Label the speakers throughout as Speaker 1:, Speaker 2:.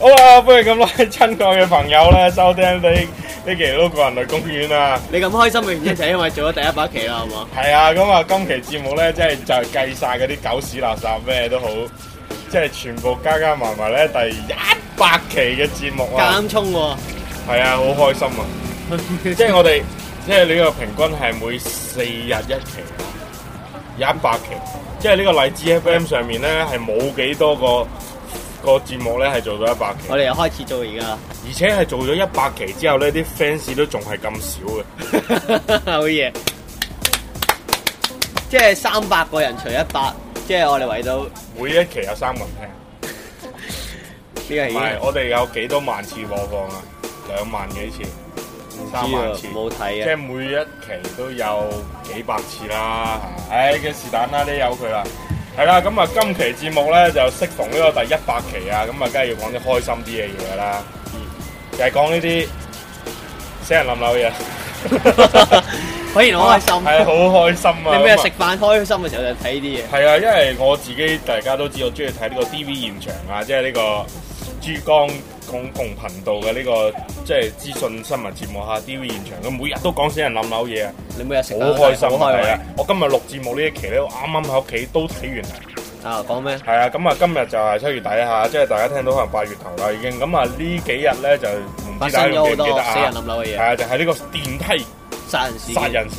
Speaker 1: 好啦，歡迎咁多位親愛嘅朋友咧收聽呢呢期《Local 人類公園》啊！你咁開心嘅原因就係因為做咗第一百期啦，好冇？係啊，咁啊，今期節目咧，即係就計曬嗰啲狗屎垃圾咩都好，即係全部加加埋埋咧，第一百期嘅節目啊！減充喎！係啊，好開心啊！即係我哋，即係你個平均係每四日一期，一百期，即係呢個荔枝 FM 上面咧係冇幾多個個節目咧係做到一百期，我哋又開始做而家，而且係做咗一百期之後咧，啲 fans 都仲係咁少嘅， 好嘢害！ 即係三百個
Speaker 2: 人除一百，
Speaker 1: 即係我哋為到每一期有三個人聽，唔係 是我哋有幾多萬次播放啊？兩萬幾次，三萬 30, 次，冇睇啊！即係每一期都有幾百次啦、啊，唉嘅是但啦，你由佢啦。係啦，咁啊，今期節目咧就適逢呢個第一百期啊，咁啊，梗係要講啲開心啲嘅嘢啦，就係講呢啲死人冧樓嘢，可 以 開心，係好、啊、 開心啊！你咩食飯開心嘅時候就睇啲嘢，係啊，因為我自己大家都知道，中意睇呢個 DV 現場啊，即係呢個珠江。公共頻道嘅呢、這個即係資訊新聞節目嚇 D V 現場，佢每日都講死人冧樓嘢啊！你每日好開心係啊！我今日錄節目呢一期咧，啱啱喺屋企都睇完啊！講咩？係啊！咁啊，今日就係七月底嚇，即係大家聽到可能八月頭啦已經。咁啊，呢幾日咧就唔知大家記唔記得死人冧樓嘅嘢係啊，就係、是、呢個電梯殺人事件。殺人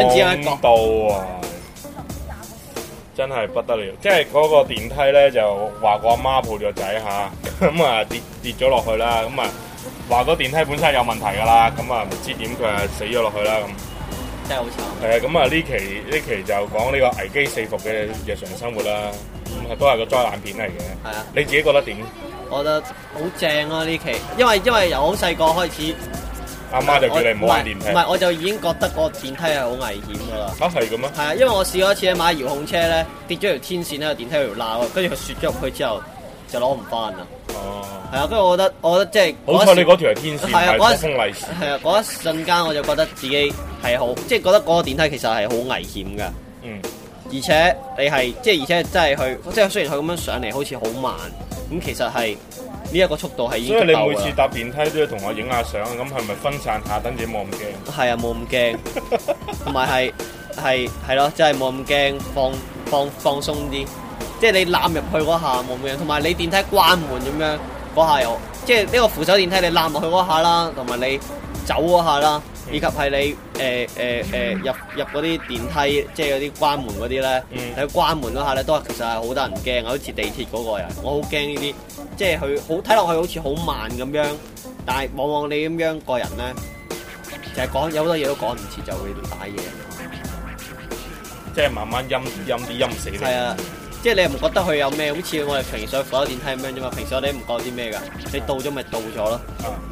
Speaker 1: 事件，新聞度啊！真係不得了，即係嗰個電梯咧就話個阿媽抱住個仔吓，咁 啊、嗯、跌跌咗落去啦，咁啊話個電梯本身有問題噶啦，咁啊唔知點佢啊死咗落去啦咁。嗯、真係好慘。啊、嗯，咁啊呢期呢期就講呢個危機四伏嘅日常生活啦，嗯，都係個災難片嚟嘅。係啊。你自己覺得點？我覺得好正啊呢期，因為因為由好細個開始。阿媽就叫你唔好玩電梯。唔係，我
Speaker 2: 就已經覺得嗰個電梯係好危險噶啦。啊，係咁咩？係啊，因為我試過一次咧，買遙控車咧，跌咗條天線喺個電梯嗰條罅喎，跟住佢雪咗入去之後就攞唔翻啦。哦，係啊，跟住我覺得，我覺得即係好彩你嗰條係天線，係啊，嗰一瞬間我就覺得自己係好，即係覺得嗰個電梯其實係好危險噶。嗯，而且你係即係，而且真係去即係，雖然佢咁樣上嚟好似好慢，咁其實係。呢一個速度係已經夠啦。所以你每次搭
Speaker 1: 電梯都要同我影下相，咁係咪分散
Speaker 2: 下等自己冇咁驚？係啊，冇咁驚，同埋係係係咯，真係冇咁驚，放放放鬆啲。即係你攬入去嗰下冇咁驚，同埋你電梯關門咁樣嗰下又即係呢個扶手電梯你攬落去嗰下啦，同埋你走嗰下啦。以及係你誒誒誒入入嗰啲電梯，即係嗰啲關門嗰啲咧，喺、嗯、關門嗰下咧，都係其實係好多人驚，好似地鐵嗰個人，我好驚呢啲，即係佢好睇落去好似好慢咁樣，但係往往你咁樣個人咧，就係、是、講有好多嘢都講唔切，就會打嘢，即係慢慢陰陰啲陰死你。即係你又唔覺得佢有咩？好似我哋平時坐電梯咁樣啫嘛。平時我哋唔講啲咩噶，你到咗咪到咗咯。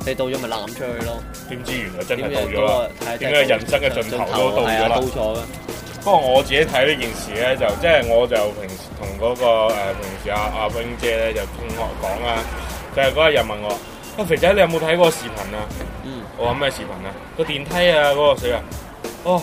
Speaker 2: 你到咗咪攬出去咯。點知原
Speaker 1: 來真係到咗啦！點解人生嘅盡頭都到咗啦？不過我自己睇呢件事咧，就即係我就平時同嗰個誒同事阿阿冰姐咧就傾過講啊。就係嗰日問我，阿肥仔，你有冇睇過個視頻啊？我話咩視頻啊？個電梯啊，嗰個死人。哦！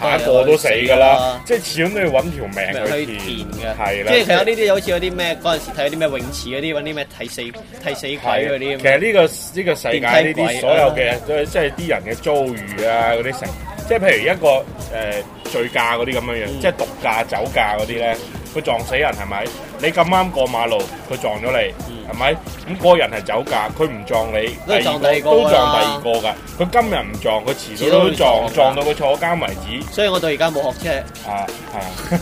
Speaker 1: 下一個都死噶啦，對即係始終都要揾條命去填嘅，係啦。的即係其他呢啲
Speaker 2: 好似嗰啲咩，嗰陣、嗯、時睇嗰啲咩泳池嗰啲，揾啲咩睇死
Speaker 1: 替死鬼嗰啲。其實呢、呢個呢、呢個世界呢啲所有嘅，即係啲人嘅遭遇啊，嗰啲成，即係譬如一個誒醉駕嗰啲咁樣樣，呃嗯、即係毒駕、酒駕嗰啲咧，佢撞死人係咪？你咁啱過馬路，佢撞咗你。嗯係咪？咁、 個人係酒駕，佢唔撞你，都撞第二個都撞第二個㗎。佢今日唔撞，佢遲早都撞，撞到佢坐監為止。所以我到而家冇學車。係 啊， 係 啊，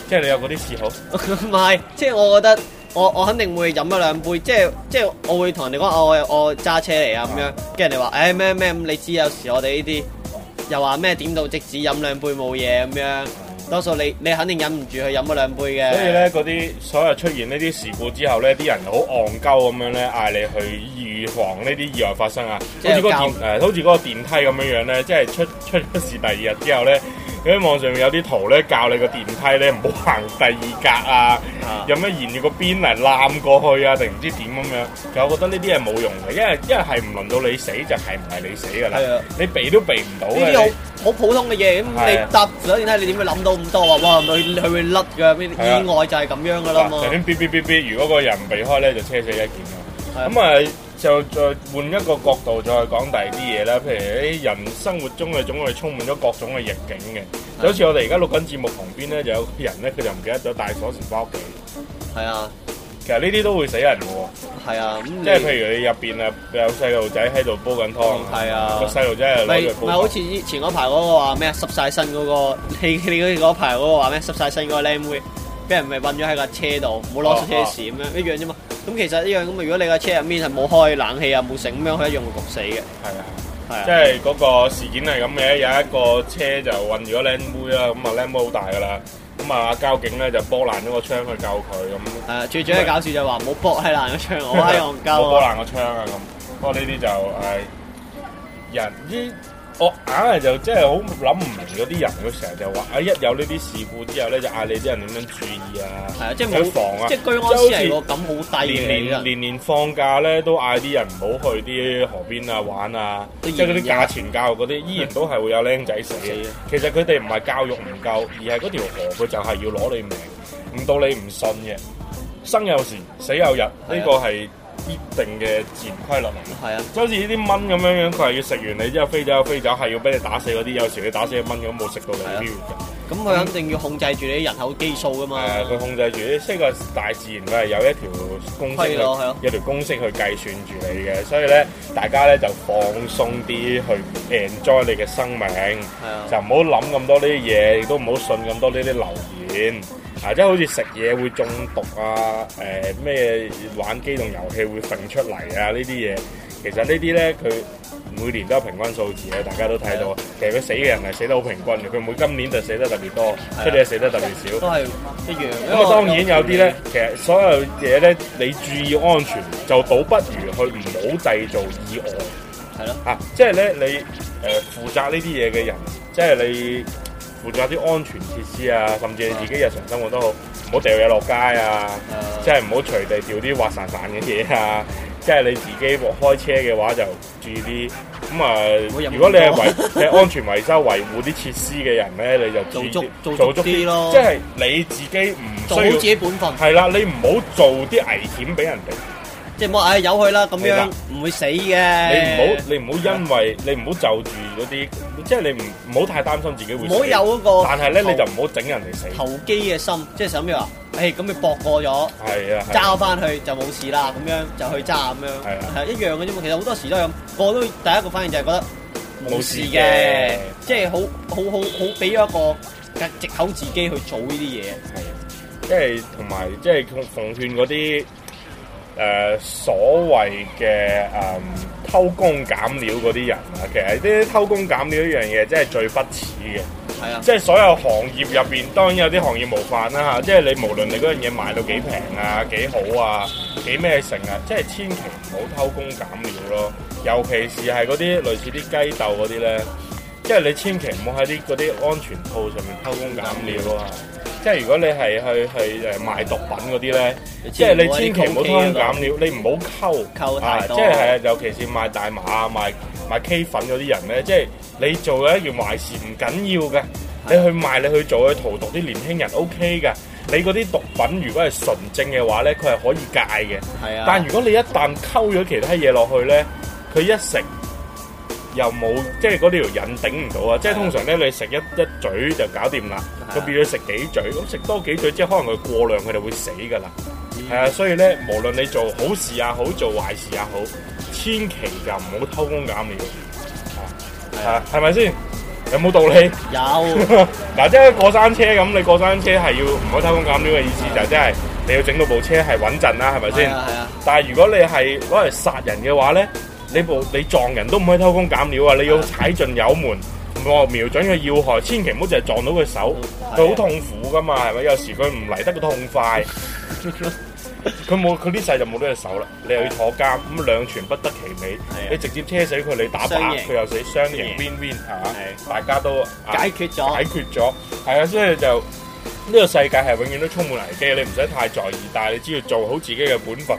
Speaker 1: 即係你有嗰啲嗜好。
Speaker 2: 唔係，即係我覺得我我肯定會飲咗兩杯，即係即係我會同人哋講、oh, 我我揸車嚟啊咁樣，跟住人哋話誒咩咩咁，你知有時我哋呢啲又話咩點到即止飲兩杯冇嘢咁樣。 多數你你肯定忍
Speaker 1: 唔住去飲嗰兩杯嘅。所以咧，嗰啲所有出現呢啲事故之後咧，啲人好戇鳩咁樣咧，嗌你去預防呢啲意外發生啊！好似嗰電誒，好似嗰個電梯咁樣樣咧，即係出出事第二日之後咧。喺網上面有啲圖咧，教你個電梯咧唔好行第二格啊，有咩沿住個邊嚟攬過去啊，定唔知點咁樣？其實我覺得呢啲係冇用嘅，因為因為係唔輪到你死就係唔係你死㗎啦，你避都避唔到。呢啲好
Speaker 2: 好普通嘅嘢，咁你搭住架電梯你點會諗到咁多啊？哇，佢佢
Speaker 1: 會甩㗎咩？意外就係咁樣㗎啦嘛。成天咇咇咇咇，如果個人唔避開咧，就車死一件啦。咁啊～就再換一個角度再講第二啲嘢啦，譬如喺人生活中嘅總會充滿咗各種嘅逆境嘅，就好似我哋而家錄緊節目旁邊咧，就有啲人咧佢就唔記得咗帶鎖匙返屋企。係啊，其實呢啲都會死人嘅喎。係啊，即係譬如你入邊啊有細路仔喺度煲緊湯。係啊，個細路仔係攞住煲。唔係好
Speaker 2: 似前嗰排嗰個話咩啊？濕曬身嗰個，你你嗰排嗰個話咩啊？濕曬身嗰個靚妹，俾人咪韞咗喺架車度，冇攞出車匙咁樣一樣啫嘛。咁其實呢樣咁，如果你架車入面係冇開冷氣啊，冇醒咁樣，佢一樣會焗死嘅。係
Speaker 1: 啊的，係啊的，即係嗰個事件係咁嘅，有一個車就韞咗個靚妹啊，咁啊靚妹好大㗎喇，咁、嗯、啊交警咧就剝爛咗個窗去救佢咁。係
Speaker 2: 最主要搞笑就係話唔好剝係爛個窗，我喺度救。剝爛
Speaker 1: 個窗啊咁，不過呢啲就係、是、人之。我硬係就真係好諗唔明嗰啲人，佢成日就話啊！一有呢啲事故之後咧，就嗌你啲人點樣注意啊？係啊，即係冇防啊，即係居安思
Speaker 2: 危好、啊。年年
Speaker 1: 年年放假咧，都嗌啲人唔好去啲河邊啊玩啊，即係嗰啲價錢教育嗰啲，依然都係會有僆仔死。嗯、其實佢哋唔係教育唔夠，而係嗰條河佢就係要攞你命，唔到你唔信嘅。生有時，死有日，呢的個係。必定嘅自然規律，係啊，就好似啲蚊咁樣樣，佢係要食完你之後飛走飛走，係要俾你打死嗰啲。有時你打死隻蚊，佢冇食到你。咁佢、啊、樣肯定要控制住你啲人口基數噶嘛。係佢、啊啊、控制住你，即係大自然佢係有一條公式、啊啊，有條公式去計算住你嘅。所以咧，大家咧就放鬆啲去 enjoy 你嘅生命，啊、就唔好諗咁多呢啲嘢，亦都唔好信咁多呢啲留言。啊，即係好似食嘢會中毒啊，誒、呃、咩玩機動遊戲會甩出嚟啊，呢啲嘢其實呢啲咧佢每年都有平均數字嘅，大家都睇到。其實佢死嘅人係死得好平均嘅，佢唔會今年就死得特別多，或者的死得特別少。都係一
Speaker 2: 樣。咁啊，當然有啲咧，
Speaker 1: 其實所有嘢咧，你注意安全就倒不如去唔好製造意外。係咯的。啊，即係咧你誒負、呃、責呢啲嘢嘅人，即係你。負責啲安全設施啊，甚至你自己日常生活都好，唔好掉嘢落街啊，即係唔好隨地掉啲滑潺潺嘅嘢啊。即、就、係、是、你自己駕開車嘅話，就注意啲。咁、嗯、啊，呃、如果你係維，係 安全維修維護啲設施嘅人咧，你就做足做足啲咯。即係你自己唔需要做自己本分。係啦，你唔好做啲危險俾人哋。
Speaker 2: 冇，唉，由佢啦，咁樣唔會死嘅。你唔好，
Speaker 1: 你唔好因為，你唔好就住嗰啲，即係你唔唔好太擔心自己會死。唔好有嗰個。但係咧，你就唔好整人哋死。投機
Speaker 2: 嘅心，即係想咩話？誒，咁你搏過咗，係啊，揸翻去就冇事啦，咁樣就去揸咁樣，係啊，係一樣嘅啫嘛。其實好多時都係咁。個個都第一個反應就係覺得冇事嘅，
Speaker 1: 即係好好好好俾咗一個藉口自己去做呢啲嘢。係啊，即係同埋即係奉勸嗰啲。誒、呃、所謂嘅誒、嗯、偷工減料嗰啲人啊，其實呢啲偷工減料一樣嘢，真係最不恥嘅。係啊的，即係所有行業入邊，當然有啲行業模範啦嚇。即、就、係、是、你無論你嗰樣嘢賣到幾平啊、幾好啊、幾咩成啊，即、就、係、是、千祈唔好偷工減料咯。尤其是係嗰啲類似啲雞竇嗰啲咧，即、就、係、是、你千祈唔好喺啲嗰啲安全套上面偷工減料啊！嗯嗯即係如果你係去去誒賣毒品嗰啲咧，即係你千祈唔好偷雞減料，你唔好溝溝啊！即係係啊，尤其是賣大麻啊、賣賣 K 粉嗰啲人咧，即係你做咗一件壞事唔緊要嘅，你去賣你去做去荼毒啲年輕人 OK 嘅。你嗰啲毒品如果係純正嘅話咧，佢係可以戒嘅。係啊，但係如果你一旦溝咗其他嘢落去咧，佢一食又冇，即係嗰條癮頂唔到啊！即係通常咧，你食一一嘴就搞掂啦。佢變咗食幾嘴，咁食多幾嘴之後可能佢過量，佢就會死噶啦。係、嗯、啊，所以咧，無論你做好事也好，做壞事也好，千祈就唔好偷工減料。係啊，係咪先？嗯、有冇道理？有嗱、 啊，即係過山車咁，你過山車係要唔好偷工減料嘅意思，就即係你要整到部車係穩陣啦，係咪先？係啊，但係如果你係攞嚟殺人嘅話咧，你部你撞人都唔可以偷工減料、就是、啊！你要踩盡油門。我、哦、瞄準佢要害，千祈唔好淨係撞到佢手，佢好痛苦噶嘛，係咪？有時佢唔嚟得佢痛快，佢冇佢呢世就冇呢隻手啦。啊、你又要坐監，咁兩全不得其美。啊、你直接車死佢，你打靶佢贏又死，雙贏 win win 嚇，大家都解決咗，解決咗。係啊，所以就呢、是這個世界係永遠都充滿危機，你唔使太在意，但係你只要做好自己嘅本分，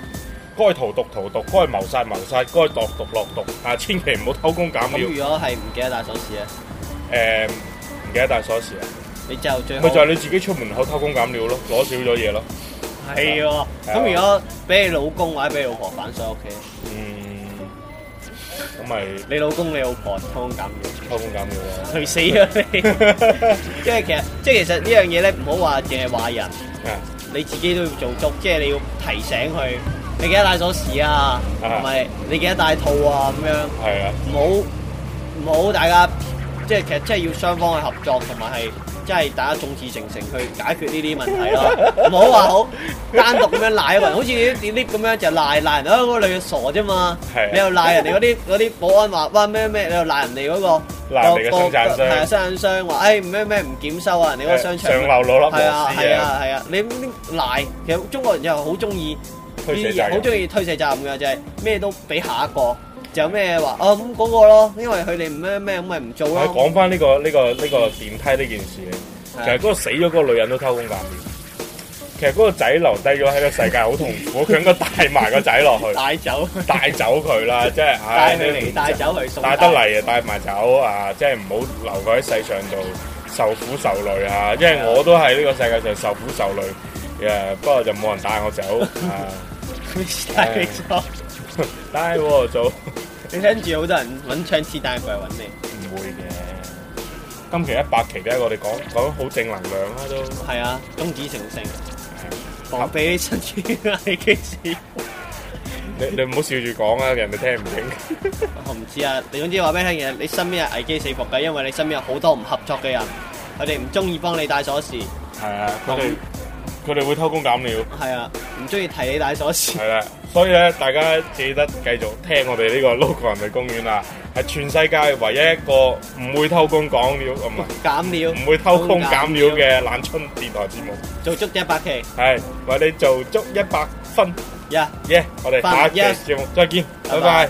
Speaker 1: 該逃毒逃毒，該謀殺謀殺，該落毒落毒，啊，千祈唔好偷工減料。如果係唔記得帶手錶咧？誒，唔記得帶鎖匙啊！你就最好咪就係你自己出門口偷工減料咯，攞少咗嘢咯。係喎，咁如果
Speaker 2: 俾你老公或者俾你老婆反鎖喺屋企，嗯，咁咪你老公你老婆偷工減料，偷工減料啊！去死啊你！即係其實，即係其實呢樣嘢咧，唔好話淨係話人，你自己都要做足，即係你要提醒佢，你記得帶鎖匙啊，同埋你記得帶套啊，咁樣。係啊，唔好唔好大家。即係其實真係要雙方去合作，同埋係即係大家眾志成城去解決呢啲問題咯，唔好話好單獨咁樣賴一個人，好似啲 lift 咁樣就賴賴人，哦嗰個女嘅傻啫嘛，啊、你又賴人哋嗰啲啲保安話話咩咩，你又賴人哋嗰個
Speaker 1: 個個係啊商
Speaker 2: 商話，唉唔咩咩唔檢收啊，你嗰個商場上流佬咯，係啊係啊係啊，你賴、啊啊啊啊啊、其實中國人又好中意好中意推卸責任㗎，家就係咩都俾下一個。仲有咩話？哦咁嗰個咯，因為佢哋咩咩咁
Speaker 1: 咪唔做咯。講翻呢個呢個呢個電梯呢件事，其實嗰個死咗嗰個女人都偷工減料。其實嗰個仔留低咗喺個世界好痛苦，佢應該帶埋個仔落去，帶走，帶走佢啦，即係。帶你嚟，帶走佢。帶得嚟啊，帶埋走啊，即係唔好留佢喺世上度受苦受累啊！因為我都喺呢個世界上受苦受累，誒，不過就冇人帶我走啊。拉早！你聽住好多人揾槍支彈嚟揾你，唔會嘅。今期一百期咧，我哋講講好正能量啦，都係啊，君子成性，防備你身邊危機事。你你唔好笑住講啊，人哋聽唔明。
Speaker 2: 我唔知啊，你總之話畀你聽嘅，你身邊係危機四伏噶，因為你身邊有好多唔合作嘅人，佢哋唔中意幫你帶鎖匙，係啊，佢哋
Speaker 1: 佢哋會偷工減料，係啊。唔中意提你大鎖匙。係啦，所以咧，大家記得繼續聽我哋呢個 local 人類公園啦。係全世界唯一一個唔會偷工講料，唔減料，唔會偷工減料嘅懶春電台節目。做足一百期，係為你做足一百分。Yes，Yes，我哋下期節目再見，拜拜。